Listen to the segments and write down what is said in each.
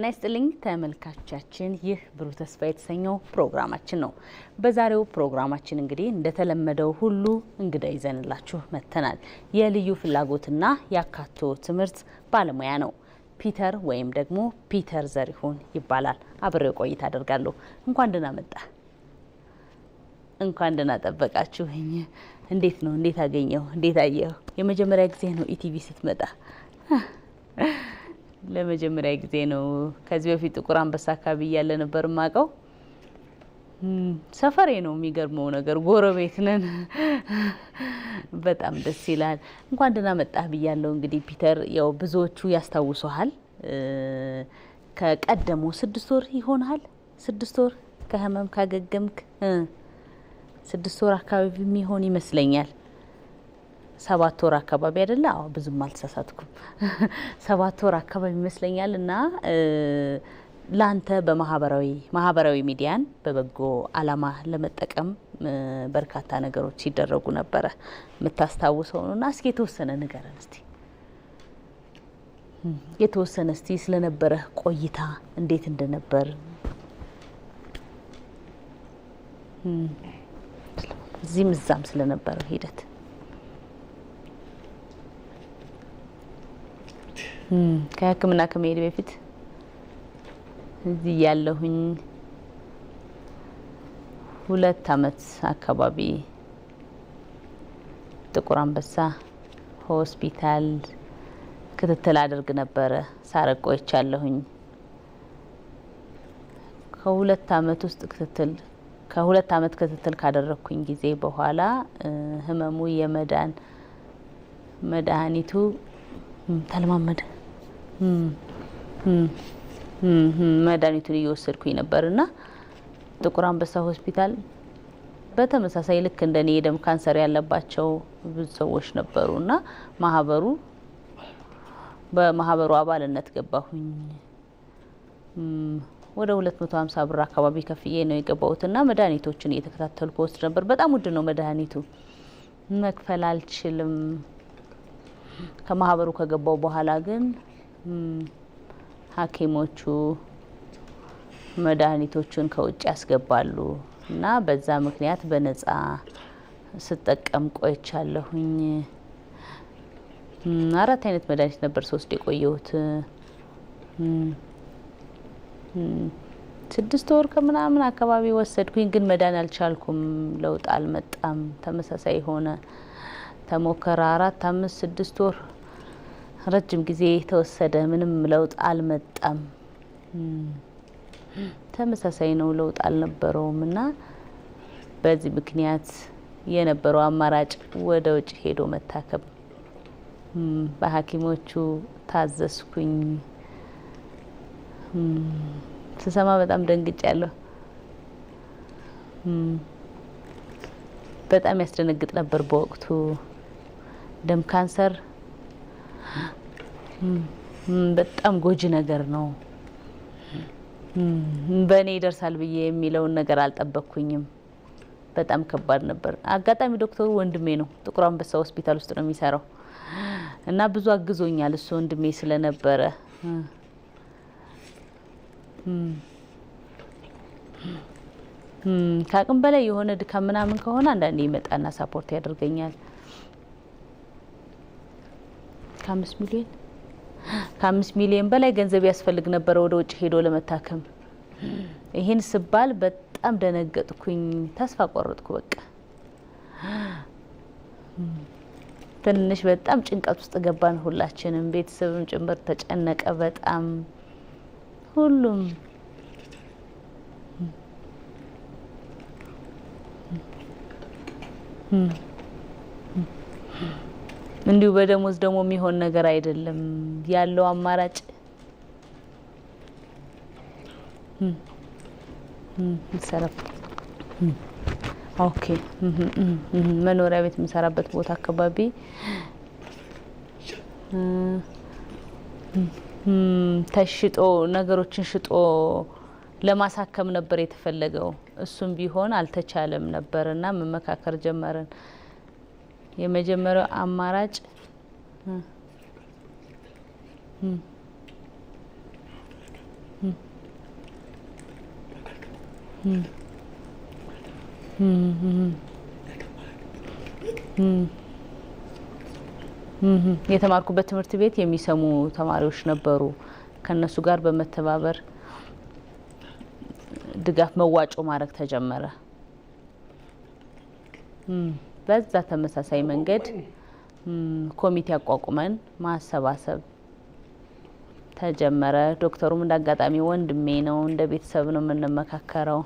ጤና ይስጥልኝ ተመልካቻችን፣ ይህ ብሩህ ተስፋ የተሰኘው ፕሮግራማችን ነው። በዛሬው ፕሮግራማችን እንግዲህ እንደተለመደው ሁሉ እንግዳ ይዘንላችሁ መጥተናል። የልዩ ፍላጎትና የአካቶ ትምህርት ባለሙያ ነው። ፒተር ወይም ደግሞ ፒተር ዘሪሁን ይባላል። አብሬው ቆይታ አደርጋለሁ። እንኳን ደህና መጣ፣ እንኳን ደህና ጠበቃችሁኝ። እንዴት ነው? እንዴት አገኘው? እንዴት አየው? የመጀመሪያ ጊዜ ነው ኢቲቪ ስትመጣ ለመጀመሪያ ጊዜ ነው። ከዚህ በፊት ጥቁር አንበሳ አካባቢ እያለ ነበር ማቀው። ሰፈሬ ነው። የሚገርመው ነገር ጎረቤት ነን። በጣም ደስ ይላል። እንኳን ደህና መጣህ ብያለሁ። እንግዲህ ፒተር፣ ያው ብዙዎቹ ያስታውሰሃል። ከቀደሞ ስድስት ወር ይሆናል። ስድስት ወር ከህመም ካገገምክ ስድስት ወር አካባቢ የሚሆን ይመስለኛል ሰባት ወር አካባቢ አይደለ? አዎ ብዙም አልተሳሳትኩም። ሰባት ወር አካባቢ ይመስለኛል እና ለአንተ በማህበራዊ ማህበራዊ ሚዲያን በበጎ አላማ ለመጠቀም በርካታ ነገሮች ሲደረጉ ነበረ የምታስታውሰው ነው እና እስኪ የተወሰነ ንገረን እስቲ የተወሰነ እስቲ ስለነበረ ቆይታ እንዴት እንደነበር እዚህም እዛም ስለነበረው ሂደት ከህክምና ከመሄድ በፊት እዚህ ያለሁኝ ሁለት አመት አካባቢ ጥቁር አንበሳ ሆስፒታል ክትትል አድርግ ነበረ። ሳረቆች አለሁኝ ከሁለት አመት ውስጥ ክትትል ከሁለት አመት ክትትል ካደረግኩኝ ጊዜ በኋላ ህመሙ የመዳን መድኃኒቱ ተለማመደ። መድኃኒቱን እየወሰድኩኝ ነበር ጥቁር አንበሳ ሆስፒታል በተመሳሳይ ልክ እንደኔ የደም ካንሰር ያለባቸው ብዙ ሰዎች ነበሩ እና ማህበሩ በማህበሩ አባልነት ገባሁኝ። ወደ ሁለት መቶ ሀምሳ ብር አካባቢ ከፍዬ ነው የገባሁት እና መድኃኒቶችን እየተከታተልኩ ከወስድ ነበር። በጣም ውድ ነው መድኃኒቱ፣ መክፈል አልችልም። ከማህበሩ ከገባው በኋላ ግን ሐኪሞቹ መድኃኒቶቹን ከውጭ ያስገባሉ እና በዛ ምክንያት በነጻ ስጠቀም ቆይቻለሁኝ። አራት አይነት መድኃኒት ነበር ሶስት የቆየሁት ስድስት ወር ከምናምን አካባቢ ወሰድኩኝ፣ ግን መዳን አልቻልኩም። ለውጥ አልመጣም። ተመሳሳይ የሆነ ተሞከረ አራት አምስት ስድስት ወር ረጅም ጊዜ የተወሰደ ምንም ለውጥ አልመጣም። ተመሳሳይ ነው፣ ለውጥ አልነበረውም እና በዚህ ምክንያት የነበረው አማራጭ ወደ ውጭ ሄዶ መታከም። በሐኪሞቹ ታዘዝኩኝ። ስሰማ በጣም ደንግጬ በጣም ያስደነግጥ ነበር በወቅቱ ደም ካንሰር በጣም ጎጂ ነገር ነው። በእኔ ይደርሳል ብዬ የሚለውን ነገር አልጠበቅኩኝም። በጣም ከባድ ነበር። አጋጣሚ ዶክተሩ ወንድሜ ነው፣ ጥቁር አንበሳ ሆስፒታል ውስጥ ነው የሚሰራው እና ብዙ አግዞኛል እሱ ወንድሜ ስለነበረ ከአቅም በላይ የሆነ ድካም ምናምን ከሆነ አንዳንዴ ይመጣና ሳፖርት ያደርገኛል። ከአምስት ሚሊዮን ከአምስት ሚሊዮን በላይ ገንዘብ ያስፈልግ ነበረ ወደ ውጭ ሄዶ ለመታከም። ይህን ስባል በጣም ደነገጥኩኝ፣ ተስፋ ቆረጥኩ። በቃ ትንሽ በጣም ጭንቀት ውስጥ ገባን ሁላችንም፣ ቤተሰብም ጭምር ተጨነቀ በጣም ሁሉም እንዲሁ በደሞዝ ደግሞ የሚሆን ነገር አይደለም። ያለው አማራጭ ኦኬ፣ መኖሪያ ቤት የምሰራበት ቦታ አካባቢ ተሽጦ ነገሮችን ሽጦ ለማሳከም ነበር የተፈለገው። እሱም ቢሆን አልተቻለም ነበር እና መመካከር ጀመርን። የመጀመሪያው አማራጭ የተማርኩበት ትምህርት ቤት የሚሰሙ ተማሪዎች ነበሩ። ከነሱ ጋር በመተባበር ድጋፍ መዋጮ ማድረግ ተጀመረ። በዛ ተመሳሳይ መንገድ ኮሚቴ አቋቁመን ማሰባሰብ ተጀመረ። ዶክተሩም እንደ አጋጣሚ ወንድሜ ነው፣ እንደ ቤተሰብ ነው የምንመካከረው።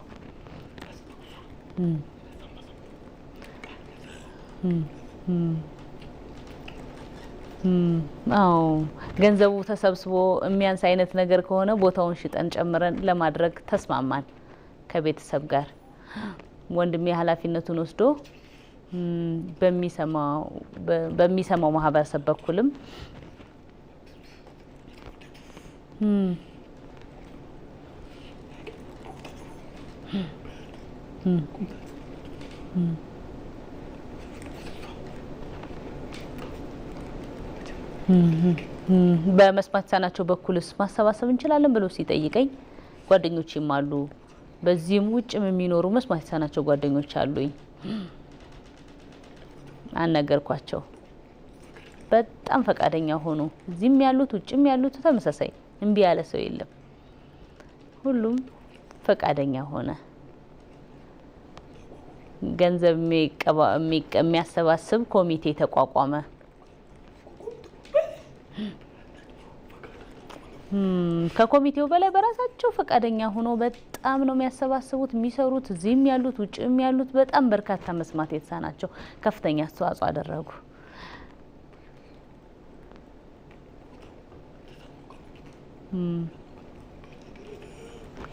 አዎ ገንዘቡ ተሰብስቦ የሚያንስ አይነት ነገር ከሆነ ቦታውን ሽጠን ጨምረን ለማድረግ ተስማማን ከቤተሰብ ጋር። ወንድሜ ኃላፊነቱን ወስዶ በሚሰማው ማህበረሰብ በኩልም በመስማት ሳናቸው በኩልስ ማሰባሰብ እንችላለን ብሎ ሲጠይቀኝ ጓደኞችም አሉ። በዚህም ውጭም የሚኖሩ መስማት የተሳናቸው ጓደኞች አሉኝ። አነገርኳቸው በጣም ፈቃደኛ ሆኑ። እዚህም ያሉት ውጭም ያሉት ተመሳሳይ፣ እምቢ ያለ ሰው የለም። ሁሉም ፈቃደኛ ሆነ። ገንዘብ የሚያሰባስብ ኮሚቴ ተቋቋመ። ከኮሚቴው በላይ በራሳቸው ፈቃደኛ ሆኖ በጣም ነው የሚያሰባስቡት የሚሰሩት፣ እዚህም ያሉት ውጭም ያሉት በጣም በርካታ መስማት የተሳናቸው ከፍተኛ አስተዋጽኦ አደረጉ።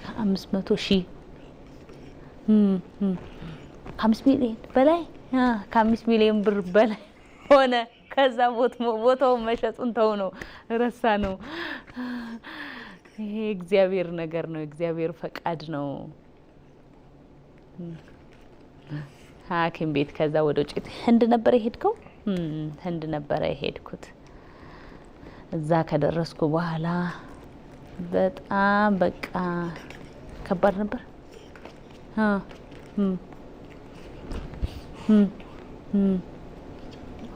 ከአምስት መቶ ሺህ ከአምስት ሚሊዮን በላይ ከአምስት ሚሊዮን ብር በላይ ሆነ። ከዛ ቦታውን መሸጡን ተው ነው ረሳ ነው። ይሄ እግዚአብሔር ነገር ነው፣ እግዚአብሔር ፈቃድ ነው። ሐኪም ቤት ከዛ ወደ ውጭ ህንድ ነበረ የሄድከው? ህንድ ነበረ የሄድኩት። እዛ ከደረስኩ በኋላ በጣም በቃ ከባድ ነበር።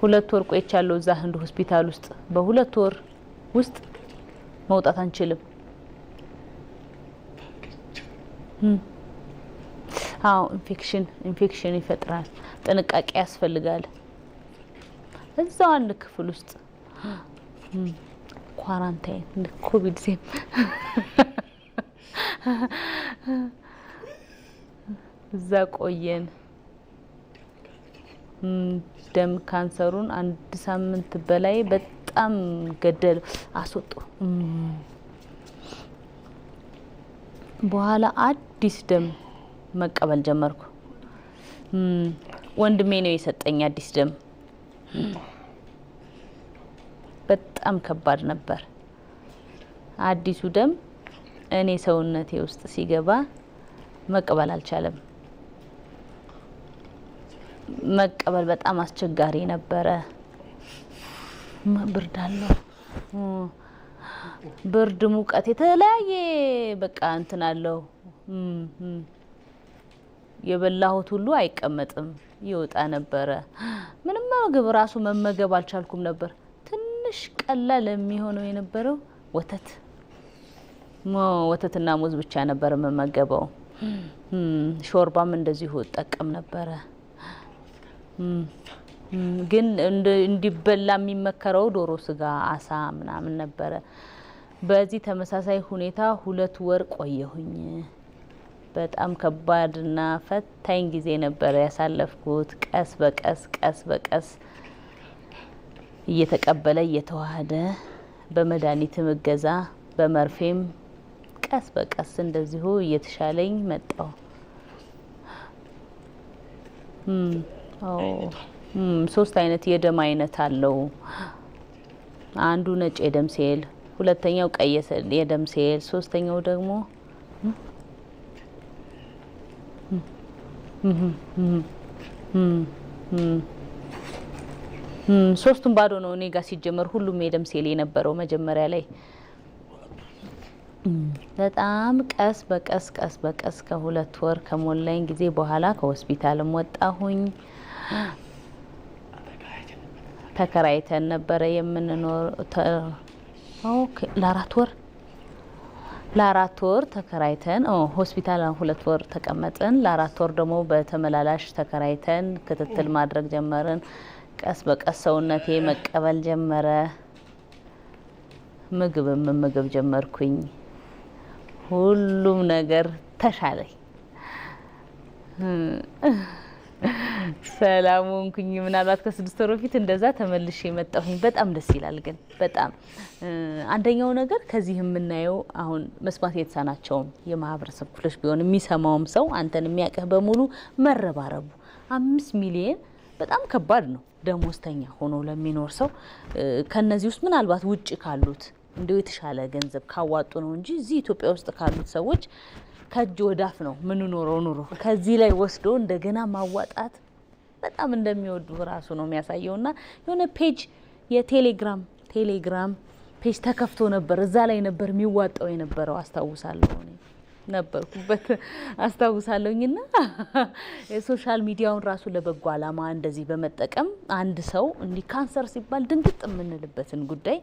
ሁለት ወር ቆይቻለሁ እዛ ህንድ ሆስፒታል ውስጥ። በሁለት ወር ውስጥ መውጣት አንችልም አዎ ኢንፌክሽን ኢንፌክሽን ይፈጥራል። ጥንቃቄ ያስፈልጋል። እዛው አንድ ክፍል ውስጥ ኳራንታይን ኮቪድ ዜም እዛ ቆየን። ደም ካንሰሩን አንድ ሳምንት በላይ በጣም ገደለው። አስወጡ በኋላ አዲስ ደም መቀበል ጀመርኩ። ወንድሜ ነው የሰጠኝ አዲስ ደም። በጣም ከባድ ነበር። አዲሱ ደም እኔ ሰውነቴ ውስጥ ሲገባ መቀበል አልቻለም። መቀበል በጣም አስቸጋሪ ነበረ። ብርድ አለው። ብርድ፣ ሙቀት የተለያየ በቃ እንትን አለው። የበላሁት ሁሉ አይቀመጥም ይወጣ ነበረ። ምንም ምግብ ራሱ መመገብ አልቻልኩም ነበር። ትንሽ ቀላል የሚሆነው የነበረው ወተት ወተትና ሙዝ ብቻ ነበር የምመገበው። ሾርባም እንደዚሁ እጠቀም ነበረ። ግን እንዲበላ የሚመከረው ዶሮ ስጋ፣ አሳ ምናምን ነበረ። በዚህ ተመሳሳይ ሁኔታ ሁለት ወር ቆየሁኝ። በጣም ከባድና ፈታኝ ጊዜ ነበር ያሳለፍኩት። ቀስ በቀስ ቀስ በቀስ እየተቀበለ እየተዋህደ በመድኃኒትም እገዛ በመርፌም ቀስ በቀስ እንደዚሁ እየተሻለኝ መጣው። ሶስት አይነት የደም አይነት አለው። አንዱ ነጭ የደም ሴል ሁለተኛው ቀይ የደም ሴል፣ ሶስተኛው ደግሞ ሶስቱም ባዶ ነው እኔ ጋር ሲጀመር ሁሉም የደም ሴል የነበረው መጀመሪያ ላይ። በጣም ቀስ በቀስ ቀስ በቀስ ከሁለት ወር ከሞላኝ ጊዜ በኋላ ከሆስፒታልም ወጣሁኝ። ተከራይተን ነበረ የምንኖር ለአራት ወር ለአራት ወር ተከራይተን ሆስፒታል ሁለት ወር ተቀመጥን። ለአራት ወር ደግሞ በተመላላሽ ተከራይተን ክትትል ማድረግ ጀመርን። ቀስ በቀስ ሰውነቴ መቀበል ጀመረ። ምግብ መመገብ ጀመርኩኝ። ሁሉም ነገር ተሻለኝ። ሰላም ሆንኩኝ። ምናልባት ከስድስት ወር በፊት እንደዛ ተመልሼ የመጣሁኝ በጣም ደስ ይላል። ግን በጣም አንደኛው ነገር ከዚህ የምናየው አሁን መስማት የተሳናቸውም የማህበረሰብ ክፍሎች ቢሆን የሚሰማውም ሰው አንተን የሚያቀህ በሙሉ መረባረቡ አምስት ሚሊየን በጣም ከባድ ነው። ደሞዝተኛ ሆኖ ለሚኖር ሰው ከነዚህ ውስጥ ምናልባት ውጭ ካሉት እንደው የተሻለ ገንዘብ ካዋጡ ነው እንጂ እዚህ ኢትዮጵያ ውስጥ ካሉት ሰዎች ከእጅ ወዳፍ ነው ምንኖረው ኑሮ። ከዚህ ላይ ወስዶ እንደገና ማዋጣት በጣም እንደሚወዱ ራሱ ነው የሚያሳየው። እና የሆነ ፔጅ የቴሌግራም ቴሌግራም ፔጅ ተከፍቶ ነበር። እዛ ላይ ነበር የሚዋጣው የነበረው አስታውሳለሁ ነበርኩበት አስታውሳለሁኝ። ና የሶሻል ሚዲያውን ራሱ ለበጎ አላማ እንደዚህ በመጠቀም አንድ ሰው እንዲህ ካንሰር ሲባል ድንግጥ የምንልበትን ጉዳይ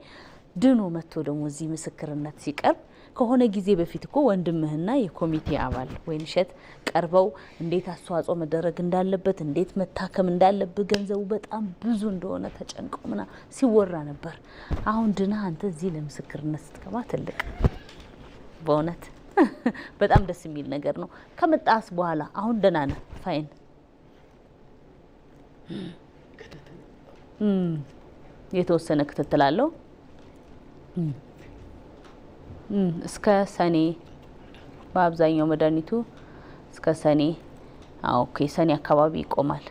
ድኖ መጥቶ ደግሞ እዚህ ምስክርነት ሲቀርብ ከሆነ ጊዜ በፊት እኮ ወንድምህና የኮሚቴ አባል እሸት ቀርበው እንዴት አስተዋጽኦ መደረግ እንዳለበት እንዴት መታከም እንዳለብህ ገንዘቡ በጣም ብዙ እንደሆነ ተጨንቀው ምና ሲወራ ነበር። አሁን ድና አንተ እዚህ ለምስክርነት ስትገባ ትልቅ በእውነት በጣም ደስ የሚል ነገር ነው። ከመጣስ በኋላ አሁን ደህና ነህ ፋይን የተወሰነ ክትትል አለው። እስከ ሰኔ በአብዛኛው መድኃኒቱ እስከ ሰኔ ኦኬ፣ ሰኔ አካባቢ ይቆማል።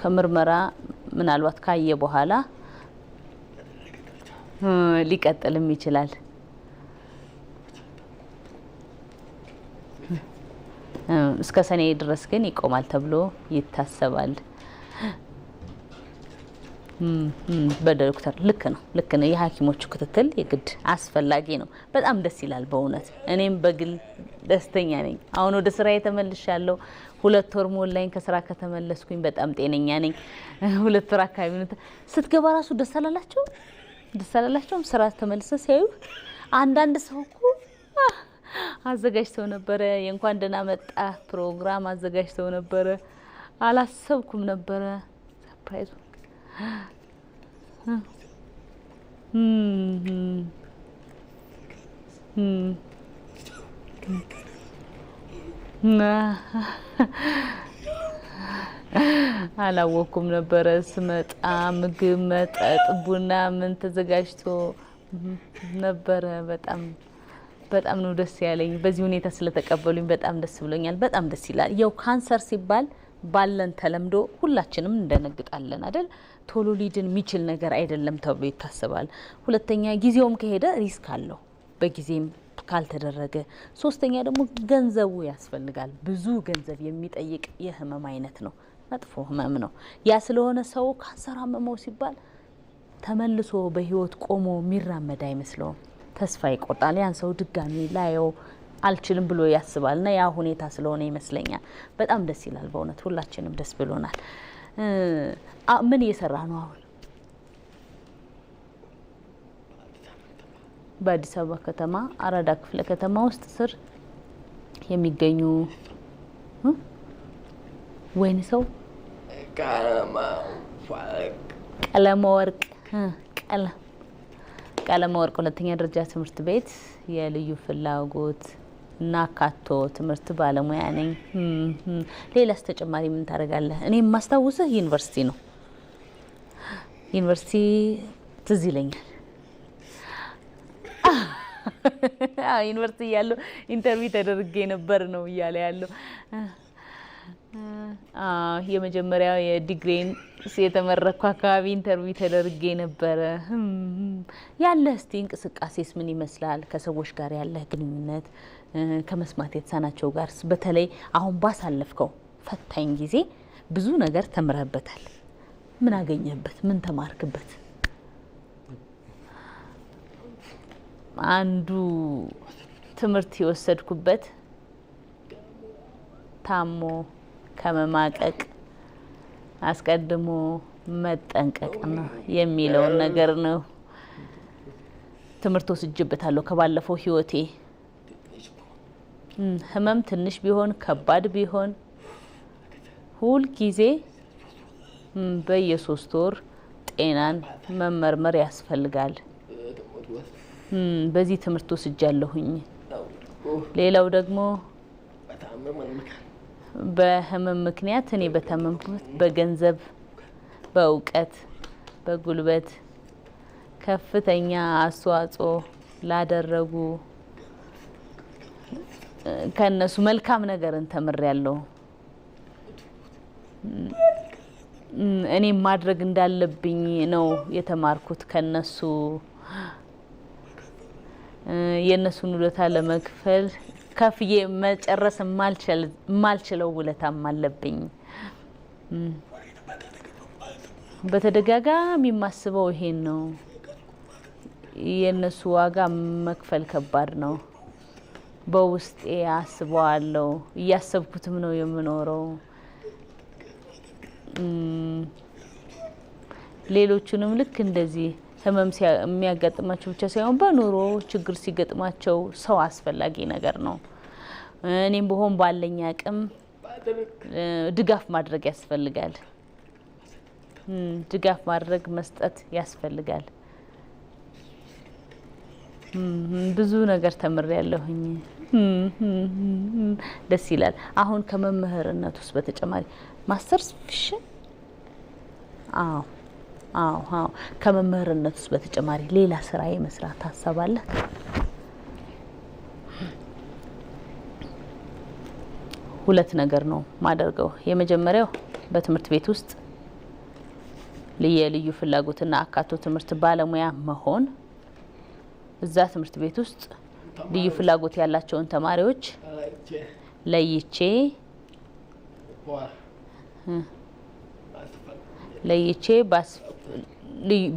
ከምርመራ ምናልባት ካየ በኋላ ሊቀጥልም ይችላል። እስከ ሰኔ ድረስ ግን ይቆማል ተብሎ ይታሰባል። በዶክተር ልክ ነው ልክ ነው። የሐኪሞቹ ክትትል የግድ አስፈላጊ ነው። በጣም ደስ ይላል በእውነት እኔም በግል ደስተኛ ነኝ። አሁን ወደ ስራ የተመልሽ ያለው ሁለት ወር ሞላኝ ከስራ ከተመለስኩኝ። በጣም ጤነኛ ነኝ። ሁለት ወር አካባቢ ስትገባ ራሱ ደስ አላላቸው ደስ አላላቸውም። ስራ ተመልሰ ሲያዩ አንዳንድ ሰው እኮ አዘጋጅተው ነበረ የእንኳን ደህና መጣ ፕሮግራም አዘጋጅተው ነበረ። አላሰብኩም ነበረ ሰርፕራይዙ አላወኩም ነበረ ስመጣ ምግብ፣ መጠጥ፣ ቡና ምን ተዘጋጅቶ ነበረ። በጣም በጣም ነው ደስ ያለኝ። በዚህ ሁኔታ ስለተቀበሉኝ በጣም ደስ ብሎኛል። በጣም ደስ ይላል። ያው ካንሰር ሲባል ባለን ተለምዶ ሁላችንም እንደነግጣለን አይደል? ቶሎ ሊድን የሚችል ነገር አይደለም ተብሎ ይታሰባል። ሁለተኛ ጊዜውም ከሄደ ሪስክ አለው በጊዜም ካልተደረገ፣ ሶስተኛ ደግሞ ገንዘቡ ያስፈልጋል። ብዙ ገንዘብ የሚጠይቅ የህመም አይነት ነው፣ መጥፎ ህመም ነው። ያ ስለሆነ ሰው ካንሰር አመመው ሲባል ተመልሶ በህይወት ቆሞ የሚራመድ አይመስለውም። ተስፋ ይቆርጣል። ያን ሰው ድጋሚ ላየው አልችልም ብሎ ያስባል። እና ያ ሁኔታ ስለሆነ ይመስለኛል በጣም ደስ ይላል። በእውነት ሁላችንም ደስ ብሎናል። ምን እየሰራ ነው አሁን? በአዲስ አበባ ከተማ አራዳ ክፍለ ከተማ ውስጥ ስር የሚገኙ ወይን ሰው ቀለመወርቅ ቀለመወርቅ ሁለተኛ ደረጃ ትምህርት ቤት የልዩ ፍላጎት ናካቶ ትምህርት ባለሙያ ነኝ። ሌላስ ተጨማሪ ምን ታደርጋለህ? እኔ የማስታውስህ ዩኒቨርሲቲ ነው። ዩኒቨርሲቲ ትዝ ይለኛል። ዩኒቨርሲቲ እያለሁ ኢንተርቪው ተደርጌ ነበር ነው እያለ ያለው የመጀመሪያው የዲግሪን የተመረኩ አካባቢ ኢንተርቪው ተደርጌ ነበረ። ያለህ እስቲ እንቅስቃሴስ ምን ይመስላል? ከሰዎች ጋር ያለህ ግንኙነት ከመስማት የተሳናቸው ጋር በተለይ አሁን ባሳለፍከው ፈታኝ ጊዜ ብዙ ነገር ተምረህበታል። ምን አገኘህበት? ምን ተማርክበት? አንዱ ትምህርት የወሰድኩበት ታሞ ከመማቀቅ አስቀድሞ መጠንቀቅና የሚለውን ነገር ነው ትምህርት ወስጅበታለሁ ከባለፈው ህይወቴ ህመም ትንሽ ቢሆን ከባድ ቢሆን ሁል ጊዜ በየሶስት ወር ጤናን መመርመር ያስፈልጋል። በዚህ ትምህርት ወስጃለሁኝ። ሌላው ደግሞ በህመም ምክንያት እኔ በታመምኩበት በገንዘብ፣ በእውቀት፣ በጉልበት ከፍተኛ አስተዋጽኦ ላደረጉ ከእነሱ መልካም ነገርን ተምሬያለሁ። እኔም ማድረግ እንዳለብኝ ነው የተማርኩት ከነሱ። የእነሱን ውለታ ለመክፈል ከፍዬ መጨረስ የማልችለው ውለታም አለብኝ። በተደጋጋሚ የማስበው ይሄን ነው። የእነሱ ዋጋ መክፈል ከባድ ነው። በውስጤ አስበዋለሁ፣ እያሰብኩትም ነው የምኖረው። ሌሎቹንም ልክ እንደዚህ ህመም የሚያጋጥማቸው ብቻ ሳይሆን በኑሮ ችግር ሲገጥማቸው ሰው አስፈላጊ ነገር ነው። እኔም በሆን ባለኝ አቅም ድጋፍ ማድረግ ያስፈልጋል። ድጋፍ ማድረግ መስጠት ያስፈልጋል። ብዙ ነገር ተምር ያለሁኝ ደስ ይላል። አሁን ከመምህርነት ውስጥ በተጨማሪ ማስተርስ ፊሽን አዎ አዎ አዎ። ከመምህርነት ውስጥ በተጨማሪ ሌላ ስራ የመስራት ሀሳብ አለ? ሁለት ነገር ነው ማደርገው። የመጀመሪያው በትምህርት ቤት ውስጥ የልዩ ፍላጎትና አካቶ ትምህርት ባለሙያ መሆን እዛ ትምህርት ቤት ውስጥ ልዩ ፍላጎት ያላቸውን ተማሪዎች ለይቼ ለይቼ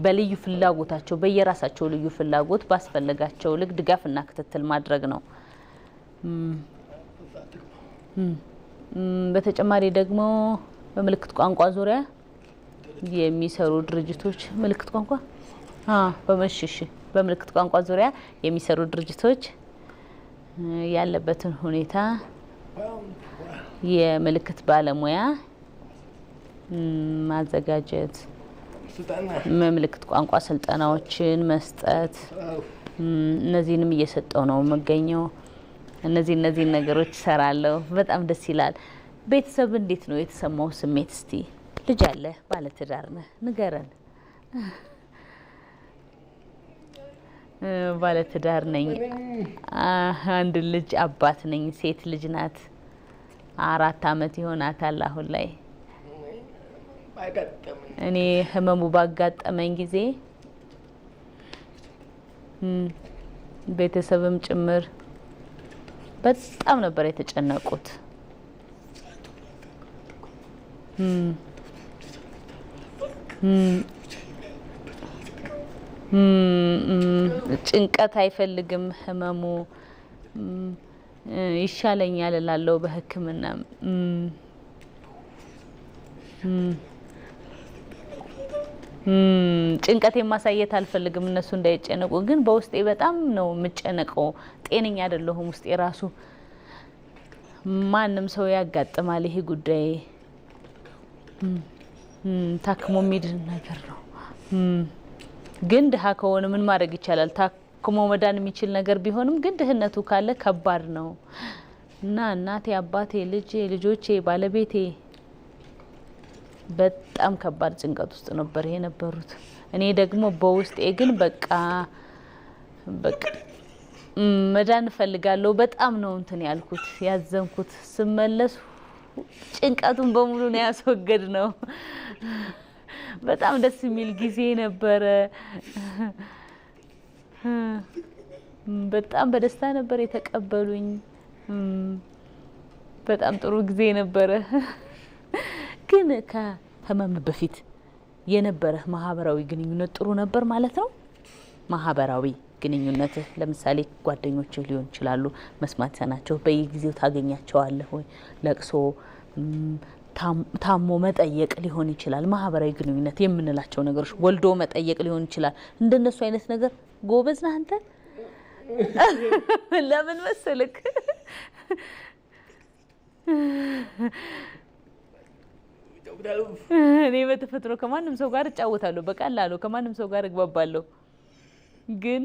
በልዩ ፍላጎታቸው በየራሳቸው ልዩ ፍላጎት ባስፈለጋቸው ልክ ድጋፍና ክትትል ማድረግ ነው። በተጨማሪ ደግሞ በምልክት ቋንቋ ዙሪያ የሚሰሩ ድርጅቶች ምልክት ቋንቋ በመሽሽ በምልክት ቋንቋ ዙሪያ የሚሰሩ ድርጅቶች ያለበትን ሁኔታ የምልክት ባለሙያ ማዘጋጀት፣ የምልክት ቋንቋ ስልጠናዎችን መስጠት፣ እነዚህንም እየሰጠው ነው የምገኘው። እነዚህ እነዚህን ነገሮች እሰራለሁ። በጣም ደስ ይላል። ቤተሰብ እንዴት ነው የተሰማው ስሜት? እስቲ ልጅ አለ፣ ባለትዳር ነህ፣ ንገረን። ባለትዳር ነኝ። አንድ ልጅ አባት ነኝ። ሴት ልጅ ናት። አራት አመት ይሆናታል አሁን ላይ። እኔ ህመሙ ባጋጠመኝ ጊዜ ቤተሰብም ጭምር በጣም ነበር የተጨነቁት። ጭንቀት አይፈልግም ህመሙ። ይሻለኛል እላለሁ በህክምና ጭንቀት ማሳየት አልፈልግም፣ እነሱ እንዳይጨነቁ። ግን በውስጤ በጣም ነው የምጨነቀው። ጤነኛ አይደለሁም። ውስጤ ራሱ ማንም ሰው ያጋጥማል ይሄ ጉዳይ። ታክሞ የሚድን ነገር ነው። ግን ድሀ ከሆነ ምን ማድረግ ይቻላል? ታክሞ መዳን የሚችል ነገር ቢሆንም ግን ድህነቱ ካለ ከባድ ነው እና እናቴ፣ አባቴ፣ ልጄ፣ ልጆቼ፣ ባለቤቴ በጣም ከባድ ጭንቀት ውስጥ ነበር የነበሩት። እኔ ደግሞ በውስጤ ግን በቃ በቃ መዳን እፈልጋለሁ። በጣም ነው እንትን ያልኩት ያዘንኩት። ስመለስ ጭንቀቱን በሙሉ ነው ያስወገድ ነው። በጣም ደስ የሚል ጊዜ ነበረ። በጣም በደስታ ነበር የተቀበሉኝ። በጣም ጥሩ ጊዜ ነበረ። ግን ከህመም በፊት የነበረ ማህበራዊ ግንኙነት ጥሩ ነበር ማለት ነው። ማህበራዊ ግንኙነት ለምሳሌ ጓደኞችህ ሊሆን ይችላሉ። መስማት ሰናቸው በየጊዜው ታገኛቸዋለህ ወይ? ለቅሶ ታሞ መጠየቅ ሊሆን ይችላል። ማህበራዊ ግንኙነት የምንላቸው ነገሮች ወልዶ መጠየቅ ሊሆን ይችላል። እንደነሱ አይነት ነገር ጎበዝ ነህ አንተ። ለምን መሰልክ እኔ በተፈጥሮ ከማንም ሰው ጋር እጫወታለሁ፣ በቀላሉ ከማንም ሰው ጋር እግባባለሁ ግን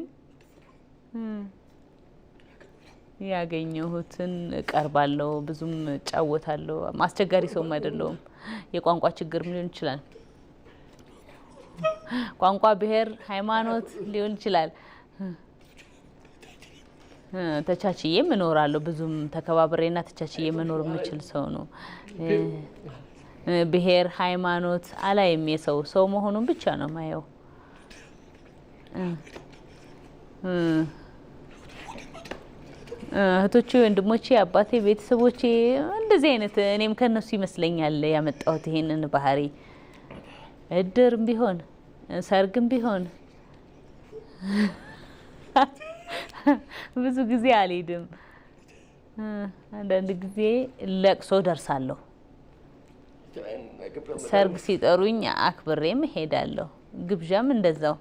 ያገኘሁትን እቀርባለሁ። ብዙም እጫወታለሁ። አስቸጋሪ ሰውም አይደለውም። የቋንቋ ችግር ሊሆን ይችላል። ቋንቋ፣ ብሔር፣ ሃይማኖት ሊሆን ይችላል። ተቻችዬ እኖራለሁ። ብዙም ተከባብሬና ተቻችዬ መኖር የምችል ሰው ነው። ብሔር፣ ሃይማኖት አላይም። የሰው ሰው መሆኑን ብቻ ነው ማየው። እህቶቼ፣ ወንድሞቼ፣ አባቴ፣ ቤተሰቦቼ እንደዚህ አይነት እኔም ከነሱ ይመስለኛል ያመጣሁት ይሄንን ባህሪ። እድርም ቢሆን ሰርግም ቢሆን ብዙ ጊዜ አልሄድም። አንዳንድ ጊዜ ለቅሶ ደርሳለሁ። ሰርግ ሲጠሩኝ አክብሬም እሄዳለሁ። ግብዣም እንደዛው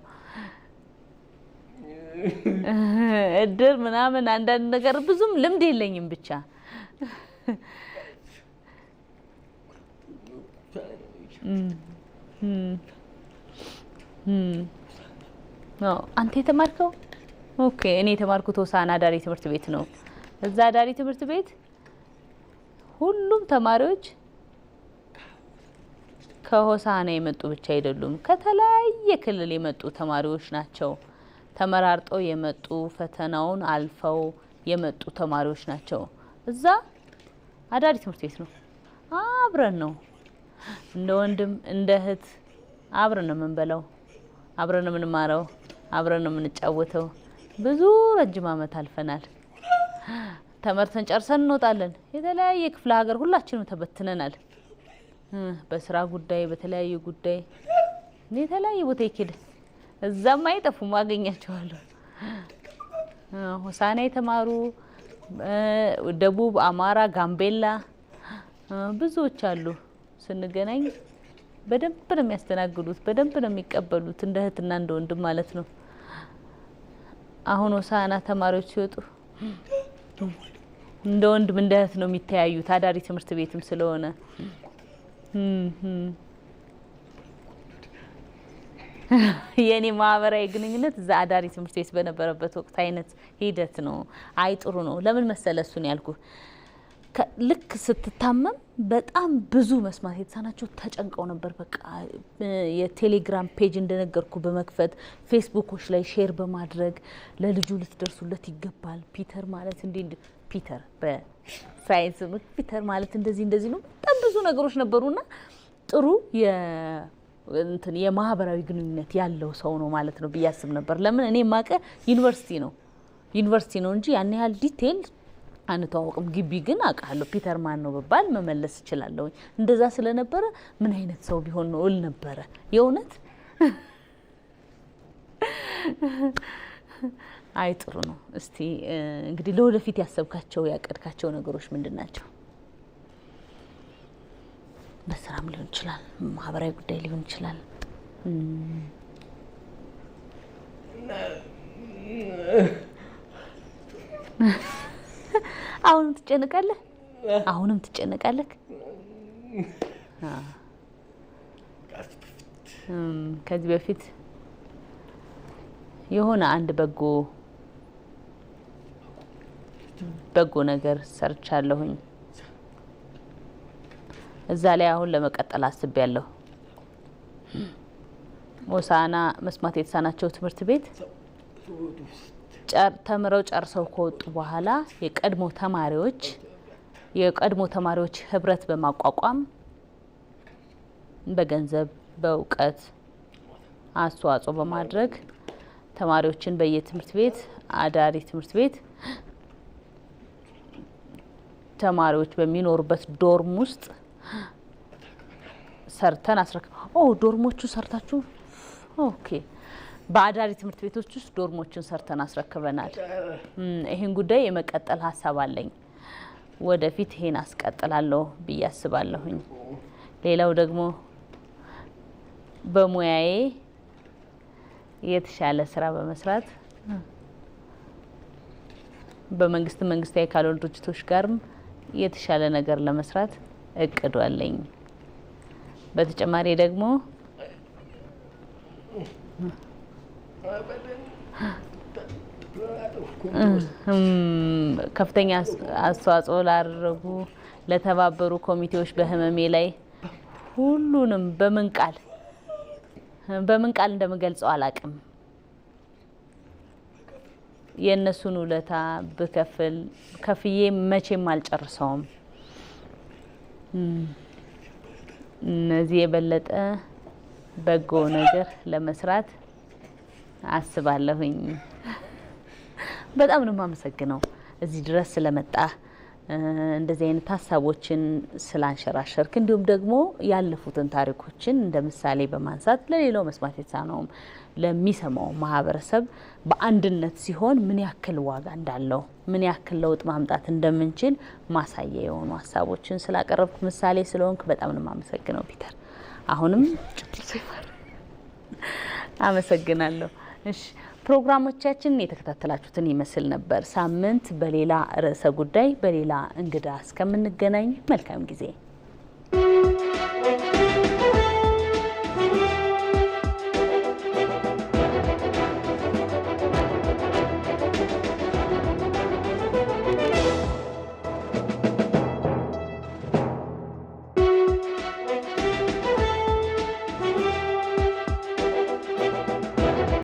እድር ምናምን አንዳንድ ነገር ብዙም ልምድ የለኝም ብቻ አንተ የተማርከው ኦኬ። እኔ የተማርኩት ሆሳና ዳሪ ትምህርት ቤት ነው። እዛ ዳሪ ትምህርት ቤት ሁሉም ተማሪዎች ከሆሳና የመጡ ብቻ አይደሉም፣ ከተለያየ ክልል የመጡ ተማሪዎች ናቸው። ተመራርጠው የመጡ ፈተናውን አልፈው የመጡ ተማሪዎች ናቸው። እዛ አዳሪ ትምህርት ቤት ነው። አብረን ነው እንደ ወንድም እንደ እህት አብረን ነው የምንበላው፣ አብረን ነው የምንማረው፣ አብረን ነው የምንጫወተው። ብዙ ረጅም ዓመት አልፈናል። ተመርተን ጨርሰን እንወጣለን። የተለያየ ክፍለ ሀገር ሁላችንም ተበትነናል። በስራ ጉዳይ፣ በተለያየ ጉዳይ የተለያየ ቦታ ይኬድ እዛም አይጠፉም፣ አገኛቸዋለሁ። ሆሳና የተማሩ ደቡብ፣ አማራ፣ ጋምቤላ ብዙዎች አሉ። ስንገናኝ በደንብ ነው የሚያስተናግዱት፣ በደንብ ነው የሚቀበሉት፣ እንደ እህትና እንደ ወንድም ማለት ነው። አሁን ሆሳና ተማሪዎች ሲወጡ እንደ ወንድም እንደ እህት ነው የሚተያዩት። አዳሪ ትምህርት ቤትም ስለሆነ የኔ ማህበራዊ ግንኙነት እዛ አዳሪ ትምህርት ቤት በነበረበት ወቅት አይነት ሂደት ነው። አይ ጥሩ ነው። ለምን መሰለ እሱን ያልኩ ልክ ስትታመም በጣም ብዙ መስማት የተሳናቸው ተጨንቀው ነበር። በቃ የቴሌግራም ፔጅ እንደነገርኩ በመክፈት ፌስቡኮች ላይ ሼር በማድረግ ለልጁ ልትደርሱለት ይገባል። ፒተር ማለት እንዲ ፒተር በሳይንስ ፒተር ማለት እንደዚህ እንደዚህ ነው። በጣም ብዙ ነገሮች ነበሩና ጥሩ እንትን የማህበራዊ ግንኙነት ያለው ሰው ነው ማለት ነው ብዬ አስብ ነበር። ለምን እኔ ማቀ ዩኒቨርሲቲ ነው ዩኒቨርሲቲ ነው እንጂ ያን ያህል ዲቴል አንተዋወቅም። ግቢ ግን አውቃለሁ። ፒተር ማን ነው በባል መመለስ እችላለሁ። እንደዛ ስለነበረ ምን አይነት ሰው ቢሆን ነው እል ነበረ የእውነት አይ ጥሩ ነው። እስቲ እንግዲህ ለወደፊት ያሰብካቸው ያቀድካቸው ነገሮች ምንድን ናቸው? በስራም ሊሆን ይችላል፣ ማህበራዊ ጉዳይ ሊሆን ይችላል። አሁንም ትጨነቃለህ? አሁንም ትጨነቃለህ? ከዚህ በፊት የሆነ አንድ በጎ በጎ ነገር ሰርቻለሁኝ እዛ ላይ አሁን ለመቀጠል አስቤ ያለሁ ሆሳዕና መስማት የተሳናቸው ትምህርት ቤት ተምረው ጨርሰው ከወጡ በኋላ የቀድሞ ተማሪዎች የቀድሞ ተማሪዎች ህብረት በማቋቋም በገንዘብ በእውቀት አስተዋጽኦ በማድረግ ተማሪዎችን በየትምህርት ቤት አዳሪ ትምህርት ቤት ተማሪዎች በሚኖሩበት ዶርም ውስጥ ሰርተን አስረክ ዶርሞቹ ሰርታችሁ ኦኬ። በአዳሪ ትምህርት ቤቶች ውስጥ ዶርሞችን ሰርተን አስረክበናል። ይህን ጉዳይ የመቀጠል ሀሳብ አለኝ። ወደፊት ይሄን አስቀጥላለሁ ብዬ አስባለሁኝ። ሌላው ደግሞ በሙያዬ የተሻለ ስራ በመስራት በመንግስት መንግስታዊ ካልሆኑ ድርጅቶች ጋርም የተሻለ ነገር ለመስራት እቅዱ አለኝ። በተጨማሪ ደግሞ ከፍተኛ አስተዋጽኦ ላደረጉ ለተባበሩ ኮሚቴዎች በህመሜ ላይ ሁሉንም በምን ቃል በምን ቃል እንደምገልጸው አላቅም። የእነሱን ውለታ ብከፍል ከፍዬ መቼም አልጨርሰውም። እነዚህ የበለጠ በጎ ነገር ለመስራት አስባለሁኝ። በጣም ነው የማመሰግነው እዚህ ድረስ ስለመጣ እንደዚህ አይነት ሀሳቦችን ስላንሸራሸርክ እንዲሁም ደግሞ ያለፉትን ታሪኮችን እንደ ምሳሌ በማንሳት ለሌላው መስማት የተሳነውም ለሚሰማው ማህበረሰብ በአንድነት ሲሆን ምን ያክል ዋጋ እንዳለው ምን ያክል ለውጥ ማምጣት እንደምንችል ማሳያ የሆኑ ሀሳቦችን ስላቀረብክ ምሳሌ ስለሆንክ በጣም ነው የማመሰግነው ፒተር። አሁንም አመሰግናለሁ። እሺ ፕሮግራሞቻችን የተከታተላችሁትን ይመስል ነበር። ሳምንት በሌላ ርዕሰ ጉዳይ በሌላ እንግዳ እስከምንገናኝ መልካም ጊዜ